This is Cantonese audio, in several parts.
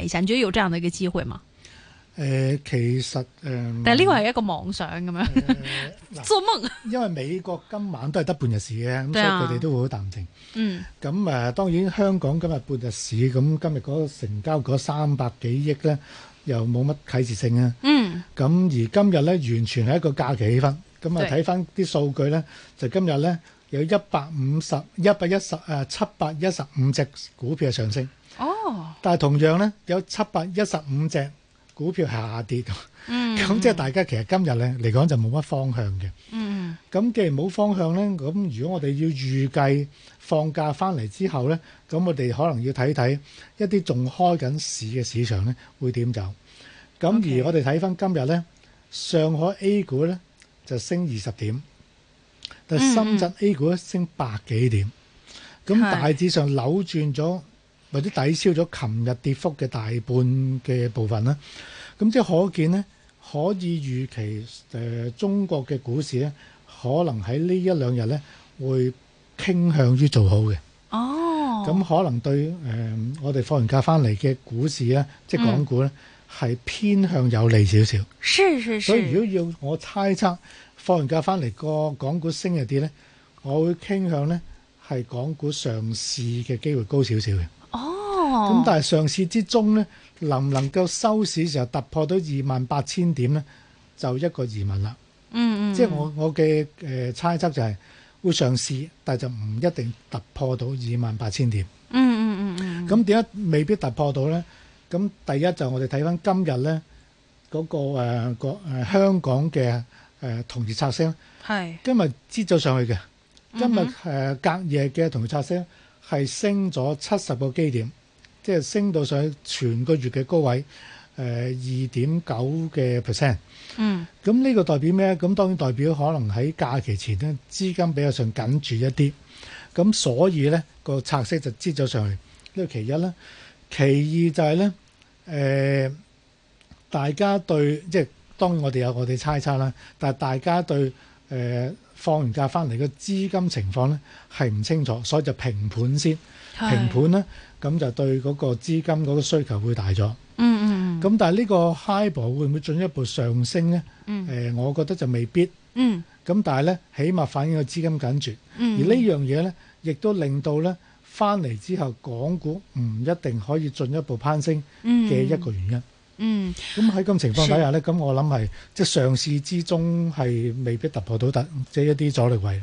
係，最主要要有咁樣嘅機會嘛？誒、呃，其實誒，呃、但係呢個係一個妄想咁樣，呃、 做乜夢？因為美國今晚都係得半日市嘅，咁、啊、所以佢哋都會好淡定。嗯，咁誒、嗯，當然香港今日半日市，咁今日嗰成交嗰三百幾億咧，又冇乜啟示性啊。嗯，咁而今日咧，完全係一個假期氣氛。咁啊，睇翻啲數據咧，就今日咧有一百五十一百一十誒、呃，七百一十五隻股票嘅上升。哦，但係同樣咧，有七百一十五隻股票下跌，咁、嗯、 即係大家其實今日咧嚟講就冇乜方向嘅。咁、嗯、既然冇方向咧，咁如果我哋要預計放假翻嚟之後咧，咁我哋可能要睇睇一啲仲開緊市嘅市場咧會點走？咁 okay, 而我哋睇翻今日咧，上海 A 股咧就升二十點，但深圳 A 股升百幾點，咁、嗯嗯、大致上扭轉咗。或者抵消咗琴日跌幅嘅大半嘅部分啦，咁即係可見咧，可以預期誒、呃、中國嘅股市咧，可能喺呢一兩日咧會傾向於做好嘅。哦，咁可能對誒、呃、我哋放完假翻嚟嘅股市咧，即係港股咧，係、嗯、偏向有利少少。是是是。所以如果要我猜測放完假翻嚟個港股升一啲咧，我會傾向咧係港股上市嘅機會高少少嘅。咁、哦、但係上市之中咧，能唔能夠收市時候突破到二萬八千點咧，就一個疑問啦。嗯嗯，即係我我嘅誒猜測就係會上市，但係就唔一定突破到二萬八千點。嗯嗯嗯嗯。咁點解未必突破到咧？咁第一就我哋睇翻今日咧嗰個誒個、呃呃、香港嘅誒、呃、同業拆息咧是，今日支咗上去嘅。今日誒隔夜嘅同業拆息係升咗七十個基點，即係升到上去全個月嘅高位，誒二點九嘅 percent。嗯，咁呢個代表咩？咁當然代表可能喺假期前咧，資金比較上緊住一啲，咁所以咧個拆息就擠咗上去，呢個其一啦。其二就係咧，呃，大家對即係當然我哋有我哋猜測啦，但係大家對，呃，放完假翻嚟嘅資金情況咧係唔清楚，所以就平盤先。平盤咧，咁就對嗰個資金嗰個需求會大咗。嗯嗯。咁但係呢個 HIBOR 會唔會進一步上升咧？嗯。誒，我覺得就未必。嗯。咁但係咧，起碼反映個資金緊絀。嗯。而呢樣嘢咧，亦都令到咧，翻嚟之後，港股唔一定可以進一步攀升嘅一個原因。嗯。咁喺咁情況底下咧，咁我諗係即係上市之中係未必突破到得，即係一啲阻力位。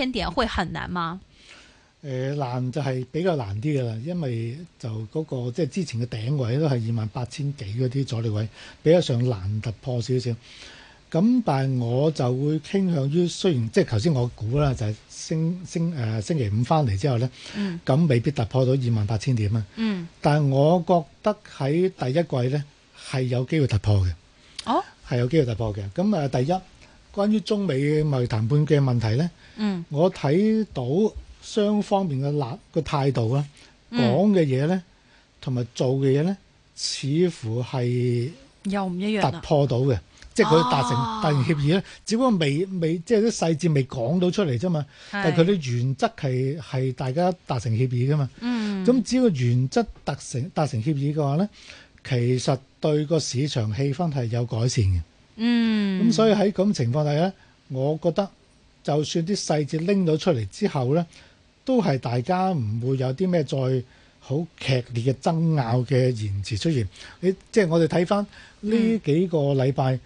千點會很難嗎？誒、呃，難就係比較難啲噶啦，因為就嗰、那個即係、就是、之前嘅頂位都係二萬八千幾嗰啲阻力位，比較上難突破少少。咁但係我就會傾向於，雖然即係頭先我估啦，就係、是、星星誒、呃、星期五翻嚟之後咧，咁、嗯、未必突破到二萬八千點啊。嗯，但係我覺得喺第一季咧係有機會突破嘅。哦，係有機會突破嘅。咁啊、呃，第一。關於中美嘅貿易談判嘅問題咧，嗯、我睇到雙方面嘅立個態度啊，講嘅嘢咧，同埋做嘅嘢咧，似乎係又唔一樣突破到嘅，即係佢達成、啊、達成協議咧，只不過未未即係啲細節未講到出嚟啫嘛。是但係佢啲原則係係大家達成協議㗎嘛。咁、嗯、只要原則達成達成協議嘅話咧，其實對個市場氣氛係有改善嘅。嗯，咁、嗯、所以喺咁情況下呢，我覺得就算啲細節拎到出嚟之後呢，都係大家唔會有啲咩再好劇烈嘅爭拗嘅言辭出現。你即係、就是、我哋睇翻呢幾個禮拜、嗯、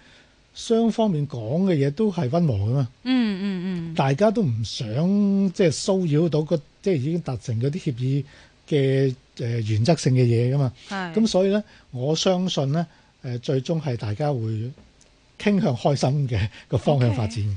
雙方面講嘅嘢，都係溫和噶嘛。嗯嗯嗯，嗯嗯大家都唔想即係、就是、騷擾到、那個即係、就是、已經達成嗰啲協議嘅誒、呃、原則性嘅嘢噶嘛。係是，咁、嗯、所以呢，我相信呢，誒、呃、最終係大家會。傾向開心嘅個方向發展。Okay.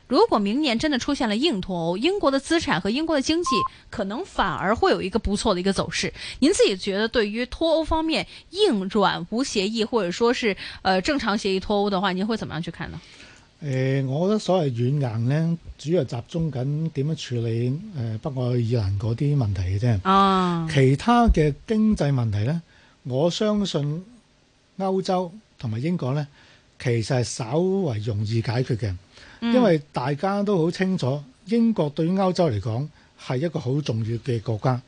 如果明年真的出現了硬脫歐，英國的資產和英國的經濟可能反而會有一個不錯的一個走勢。您自己覺得對於脫歐方面硬軟無協議或者說是，呃正常協議脫歐的話，您會怎麼樣去看呢？誒、呃，我覺得所謂軟硬呢，主要集中緊點樣處理誒、呃、北愛爾蘭嗰啲問題嘅啫、啊、其他嘅經濟問題呢，我相信歐洲同埋英國呢，其實係稍為容易解決嘅。因為大家都好清楚，英國對於歐洲嚟講係一個好重要嘅國家。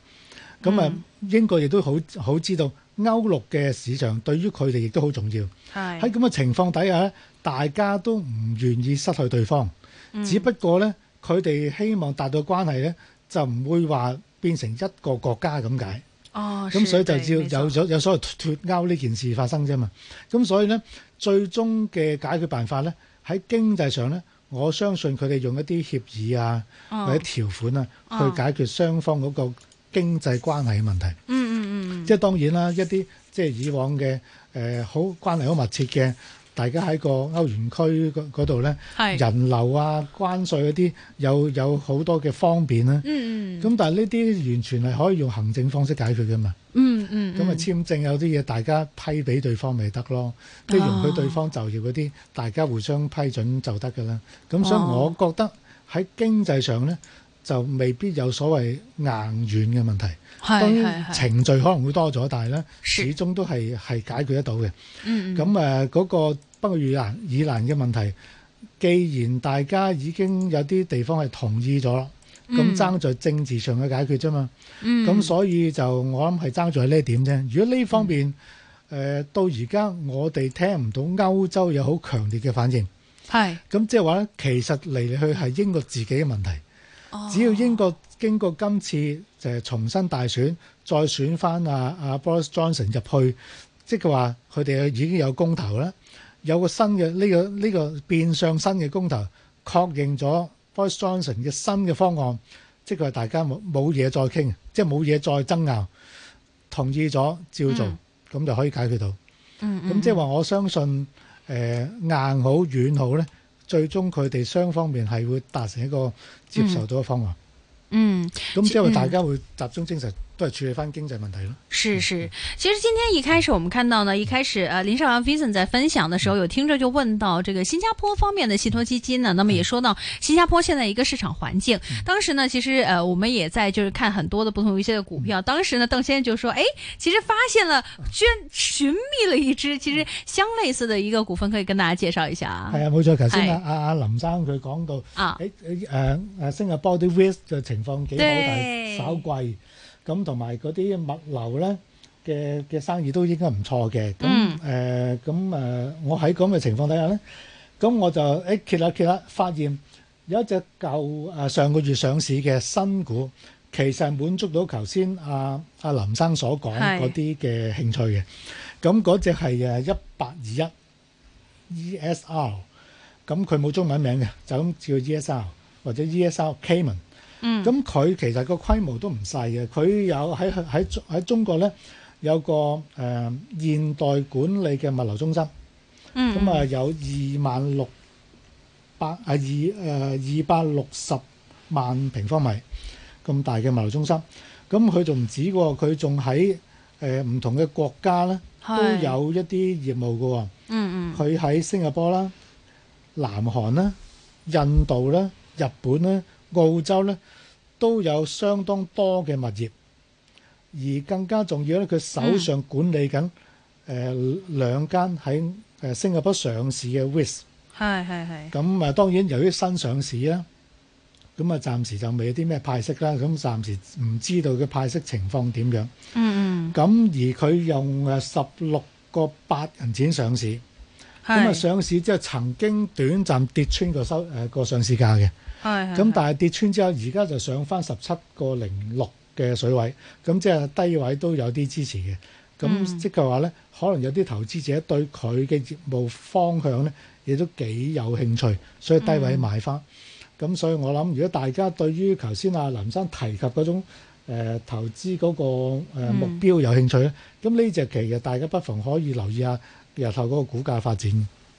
咁啊、嗯，英國亦都好好知道歐陸嘅市場對於佢哋亦都好重要。喺咁嘅情況底下咧，大家都唔願意失去對方，嗯、只不過咧，佢哋希望達到關係咧就唔會話變成一個國家咁解。哦，咁所以就只要有咗冇錯，有所謂脫歐呢件事發生啫嘛。咁所以咧，最終嘅解決辦法咧喺經濟上咧。我相信佢哋用一啲協議啊，或者條款啊，Oh. Oh. 去解決雙方嗰個經濟關係嘅問題。嗯嗯嗯。即係當然啦，一啲即係以往嘅誒好關係好密切嘅。大家喺個歐元區嗰度咧，是人流啊、關稅嗰啲有有好多嘅方便咧、啊。咁、嗯嗯、但係呢啲完全係可以用行政方式解決㗎嘛。咁啊、嗯嗯嗯、簽證有啲嘢大家批俾對方咪得咯，哦、即係容許對方就業嗰啲，大家互相批准就得㗎啦。咁所以我覺得喺經濟上咧，哦就未必有所謂硬軟嘅問題。當然程序可能會多咗，是但係咧始終都係係解決得到嘅。咁誒嗰個不過，愛爾蘭愛爾蘭嘅問題，既然大家已經有啲地方係同意咗啦，咁爭在政治上嘅解決啫嘛。咁、嗯、所以就我諗係爭在呢一點啫。如果呢方面誒、嗯呃、到而家我哋聽唔到歐洲有好強烈嘅反應，咁即係話咧，其實嚟嚟去係英國自己嘅問題。只要英國經過今次就係重新大選，再選翻啊，阿 Boris Johnson 入去，即係佢話佢哋已經有公投啦，有個新嘅呢、呢個呢、呢個變相新嘅公投，確認咗 Boris Johnson 嘅新嘅方案，即係話大家冇冇嘢再傾，即係冇嘢再爭拗，同意咗照做，咁、嗯、就可以解決到。咁、嗯嗯、即係話我相信、呃、硬好軟好咧。最終佢哋雙方面係會達成一個接受到嘅方案。嗯，嗯，咁即係大家會集中精神，都係處理翻經濟問題咯。是是，其實今天一開始，我們看到呢，嗯、一開始，呃，林少陽 Vincent 在分享的時候，嗯、有聽者就問到這個新加坡方面的信託基金呢。嗯、那麼也說到新加坡現在一個市場環境。嗯、當時呢，其實，呃，我們也在就是看很多的不同一些的股票。嗯、當時呢，鄧先生就說：哎、欸，其實發現了，居然尋覓了一支其實相類似的一個股份，可以跟大家介紹一下啊。係啊，冇錯。頭先啊，阿是、啊、林生佢講到，誒誒誒，新加坡啲 risk 嘅情況幾好，對但係稍咁同埋嗰啲物流咧嘅嘅生意都應該唔錯嘅。咁誒咁誒，我喺咁嘅情況底下咧，咁我就誒，揭喇，揭喇，發現有一隻舊誒上個月上市嘅新股，其實係滿足到頭先阿阿林生所講嗰啲嘅興趣嘅。咁嗰隻係誒一八二一 ESR，咁佢冇中文名嘅，就咁叫 ESR 或者 ESR Cayman。咁佢、嗯、其實個規模都唔細嘅，佢有喺喺喺中國咧有個誒、呃、現代管理嘅物流中心，咁、嗯嗯、啊有二萬六百啊二誒二百六十萬平方米咁大嘅物流中心，咁佢仲唔止喎，佢仲喺誒唔同嘅國家咧是都有一啲業務嘅喎、哦，嗯嗯，佢喺新加坡啦、南韓啦、印度啦、日本咧。澳洲咧都有相當多嘅物業，而更加重要咧，佢手上管理緊誒兩間喺誒新加坡上市嘅 Wish。係係係。咁啊，當然由於新上市啦，咁啊暫時就未有啲咩派息啦，咁暫時唔知道佢派息情況點樣。嗯嗯。咁而佢用誒十六個八銀錢上市，咁啊是上市之後曾經短暫跌穿個收誒個上市價嘅。咁但係跌穿之後，而家就上翻十七個零六嘅水位，咁即係低位都有啲支持嘅。咁即係話咧，嗯、可能有啲投資者對佢嘅業務方向咧，亦都幾有興趣，所以低位買翻。咁、嗯、所以我諗，如果大家對於頭先阿林生提及嗰種、呃、投資嗰個目標有興趣咧，咁呢隻期其實大家不妨可以留意下日後嗰個股價發展。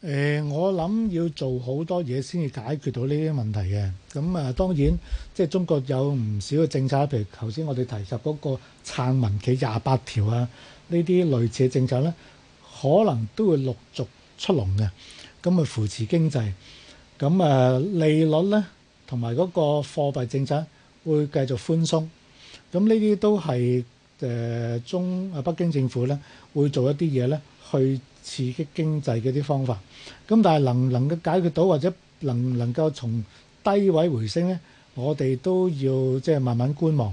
呃、我諗要做好多嘢先至解決到呢啲問題嘅。咁啊，當然即係中國有唔少嘅政策，譬如頭先我哋提及嗰個撐民企廿八條啊，呢啲類似嘅政策咧，可能都會陸續出籠嘅。咁去扶持經濟。咁啊，利率咧同埋嗰個貨幣政策會繼續寬鬆。咁呢啲都係、呃、中啊北京政府咧會做一啲嘢咧去刺激經濟嗰啲方法，咁但係能唔能夠解決到或者能唔能夠從低位回升咧，我哋都要即係慢慢觀望。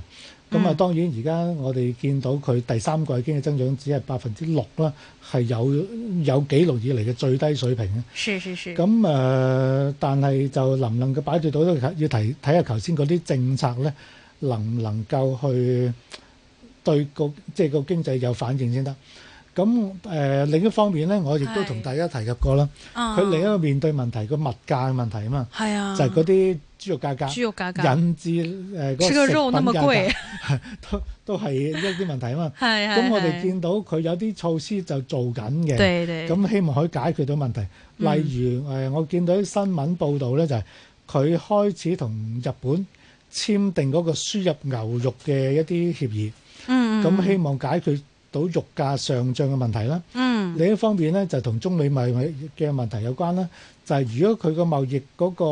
咁啊、嗯，當然而家我哋見到佢第三季經濟增長只係百分之六啦，係有有紀錄以嚟嘅最低水平。係係係。咁誒，但係就能唔能夠擺住到都要提睇下頭先嗰啲政策咧，能唔能夠去對個即係、就是、個經濟有反應先得。咁誒另一方面咧，我亦都同大家提及過啦。佢另一個面對問題，個物價問題啊嘛，就係嗰啲豬肉價格、引致誒個食品價格，都都係一啲問題啊嘛。咁我哋見到佢有啲措施就做緊嘅，咁希望可以解決到問題。例如誒，我見到啲新聞報導咧，就係佢開始同日本簽訂嗰個輸入牛肉嘅一啲協議。咁希望解決到肉價上漲嘅問題啦，嗯，另一方面咧就同中美貿易嘅問題有關啦。就係如果佢個貿易嗰個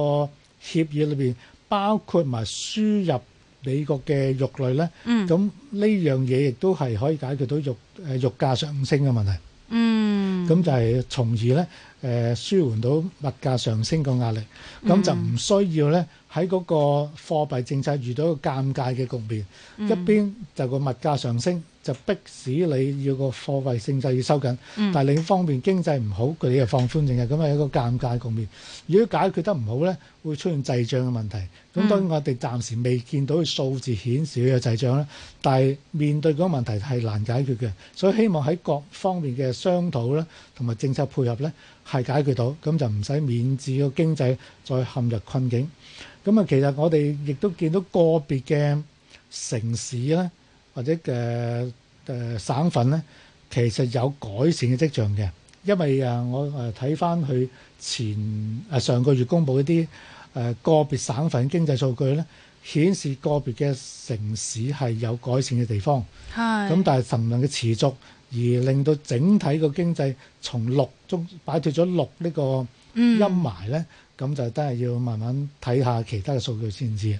協議裏邊包括埋輸入美國嘅肉類咧，嗯，咁呢樣嘢亦都係可以解決到肉誒肉價上升嘅問題。嗯。咁就係從而咧。誒、呃、舒緩到物價上升個壓力，咁就唔需要咧喺嗰個貨幣政策遇到一個尷尬嘅局面。嗯、一邊就個物價上升，就迫使你要個貨幣政策要收緊，嗯、但係另一方面經濟唔好，佢哋又放寬政策，咁係一個尷尬局面。如果解決得唔好咧，會出現滯脹嘅問題。咁當然我哋暫時未見到數字顯示有滯脹啦，但係面對嗰個問題係難解決嘅，所以希望喺各方面嘅商討啦，同埋政策配合咧。係解決到，咁就唔使免治個經濟再陷入困境。咁啊，其實我哋亦都見到個別嘅城市咧，或者嘅誒省份咧，其實有改善嘅跡象嘅。因為啊，我誒睇返佢前啊上個月公布一啲誒個別省份經濟數據咧。顯示個別嘅城市係有改善嘅地方，咁是但係能不能嘅持續而令到整體個經濟從六中擺脫咗六呢個陰霾咧？咁、嗯、就都係要慢慢睇下其他嘅數據先知。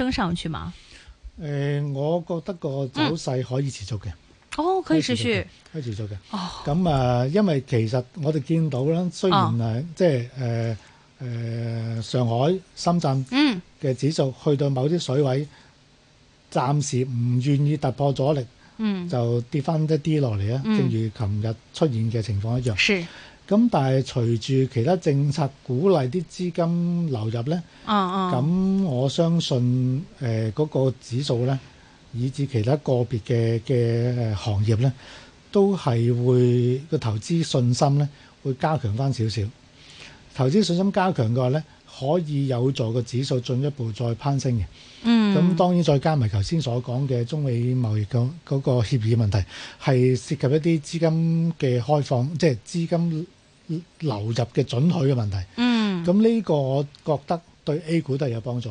升上去嘛？誒、呃，我覺得個走勢可以持續嘅、嗯。哦，可以持續，可以持續嘅。續哦，咁啊，因為其實我哋見到啦，雖然誒，即係誒誒，上海、深圳嘅指數去到某啲水位，嗯、暫時唔願意突破阻力，嗯，就跌翻一啲落嚟啊，嗯、正如琴日出現嘅情況一樣。是。咁但係隨住其他政策鼓勵啲資金流入咧，啊啊！咁我相信呃嗰個指數咧，以至其他個別嘅嘅行業咧，都係會個投資信心咧，會加強翻少少。投資信心加強嘅話咧，可以有助個指數進一步再攀升嘅。嗯。咁當然再加埋頭先所講嘅中美貿易嗰嗰個協議問題，係涉及一啲資金嘅開放，即係資金，流入嘅准許嘅問題，嗯，咁呢個我覺得對 A 股都係有幫助。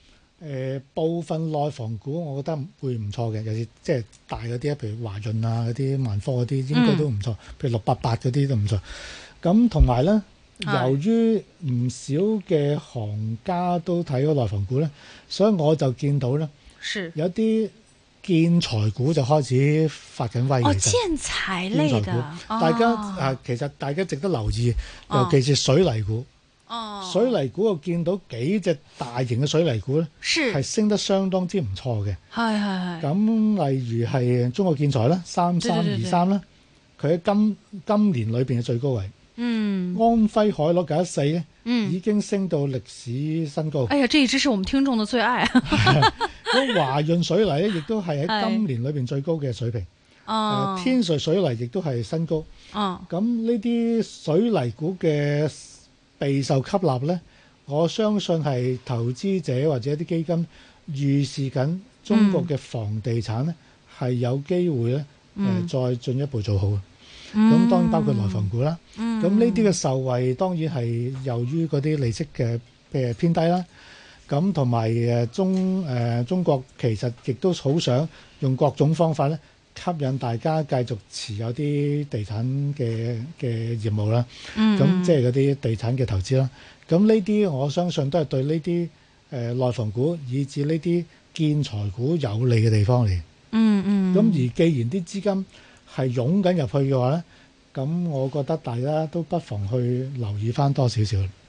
誒、呃、部分內房股，我覺得會唔錯嘅，尤其即係大嗰啲啊，譬如華潤啊啲、萬科嗰啲，應該都唔錯。嗯、譬如六八八嗰啲都唔錯。咁同埋咧，由於唔少嘅行家都睇咗內房股咧，啊、所以我就見到咧，是有啲建材股就開始發緊威。哦，建材類嘅，建材股、哦、大家啊，其實大家值得留意，尤其是水泥股。哦水泥股我見到幾隻大型嘅水泥股咧，係升得相當之唔錯嘅。係係係。咁例如係中國建材啦，三三二三啦，佢喺今今年裏邊嘅最高位。嗯。安徽海螺九一四咧，已經升到歷史新高。哎呀，這一支係我們聽眾的最愛。咁 華潤水泥咧，亦都係喺今年裏邊最高嘅水平。哦、嗯。天瑞水，水泥亦都係新高。哦、嗯。咁呢啲水泥股嘅。備受吸納呢，我相信係投資者或者一啲基金預示緊中國嘅房地產呢，係、嗯、有機會呢誒、呃，再進一步做好嘅。咁、嗯、當然包括內房股啦。咁呢啲嘅受惠當然係由於嗰啲利息嘅誒偏低啦。咁同埋誒中誒、呃、中國其實亦都好想用各種方法呢。吸引大家繼續持有啲地產嘅嘅業務啦，咁、嗯、即係嗰啲地產嘅投資啦。咁呢啲我相信都係對呢啲、呃、內房股以至呢啲建材股有利嘅地方嚟、嗯。嗯嗯。咁而既然啲資金係湧緊入去嘅話咧，咁我覺得大家都不妨去留意翻多少少。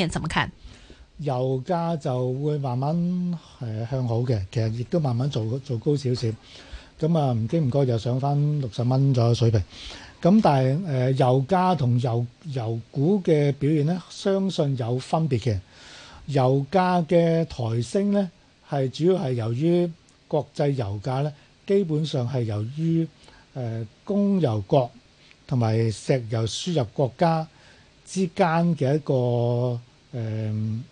點？怎麼看？油價就會慢慢誒、呃、向好嘅，其實亦都慢慢做做高少少，咁啊唔知唔覺又上返六十蚊左右的水平。咁、嗯、但係誒、呃，油價同油油股嘅表現咧，相信有分別嘅。油價嘅抬升咧，係主要係由於國際油價咧，基本上係由於誒供、呃、油國同埋石油輸入國家之間嘅一個。誒、呃、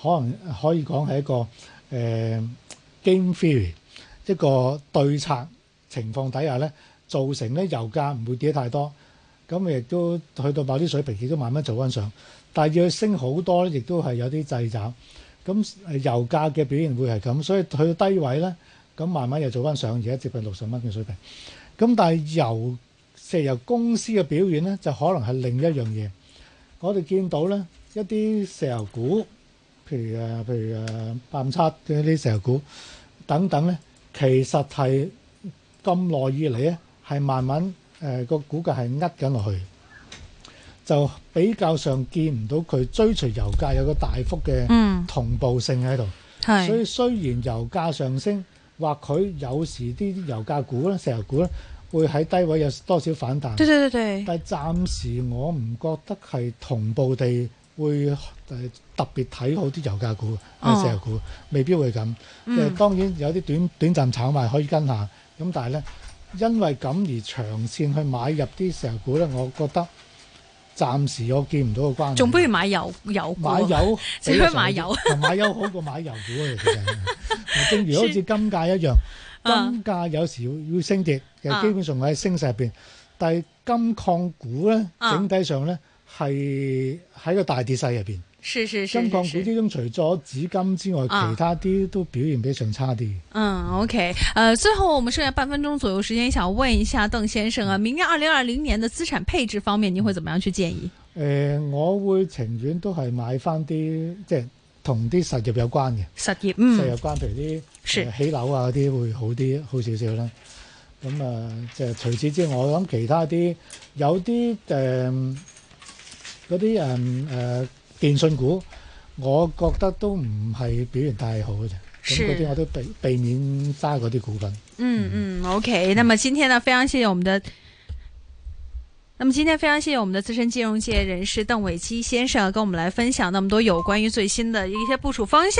可能可以講係一個誒、呃、game theory 一個對策情況底下咧，造成咧油價唔會跌太多，咁亦都去到某啲水平，亦都慢慢做翻上。但要升好多咧，亦都係有啲掣肘。咁油價嘅表現會係咁，所以去到低位咧，咁慢慢又做翻上，而家接近六十蚊嘅水平。咁但係油石油公司嘅表現咧，就可能係另一樣嘢。我哋見到咧。一啲石油股，譬如誒，譬如誒，八五七嘅啲石油股等等咧，其實係咁耐以嚟咧，係慢慢誒個股價係壓緊落去，就比較上見唔到佢追隨油價有個大幅嘅同步性喺度。係，所以雖然油價上升，話佢有時啲油價股咧、石油股咧，會喺低位有多少反彈。對對對對，但係暫時我唔覺得係同步地。會特別睇好啲油價股啊、呃，石油股未必會咁。誒、嗯呃、當然有啲短短暫炒賣可以跟下，咁但係咧，因為咁而長線去買入啲石油股咧，我覺得暫時我見唔到個關係。仲不如買油油股買油只需以買油，同、嗯、買油好過買油股啊！ 正如好似金價一樣，金價有時要升跌，啊、其實基本上喺升勢入邊，啊、但係金礦股咧，整體上咧。啊係喺個大跌勢入邊，金礦股之中除咗紫金之外，啊、其他啲都表現比上差啲。嗯，OK。誒、呃，最後我們剩下半分鐘左右時間，想問一下鄧先生啊，明年二零二零年的資產配置方面，您會點樣去建議？誒、呃，我會情願都係買翻啲即係同啲實業有關嘅實業嗯，實業有關譬如啲是、呃、起樓啊啲會好啲，好少少啦。咁啊，即係除此之外，我諗其他啲有啲誒。呃啲誒誒電信股，我覺得都唔係表現太好嘅啫，咁啲是我都避避免揸啲股份。嗯嗯，OK 嗯。那麼今天呢，非常謝謝我們的，那麼今天非常謝謝我們的資深金融界人士鄧偉基先生，跟我們來分享那麼多有關於最新的一些部署方向。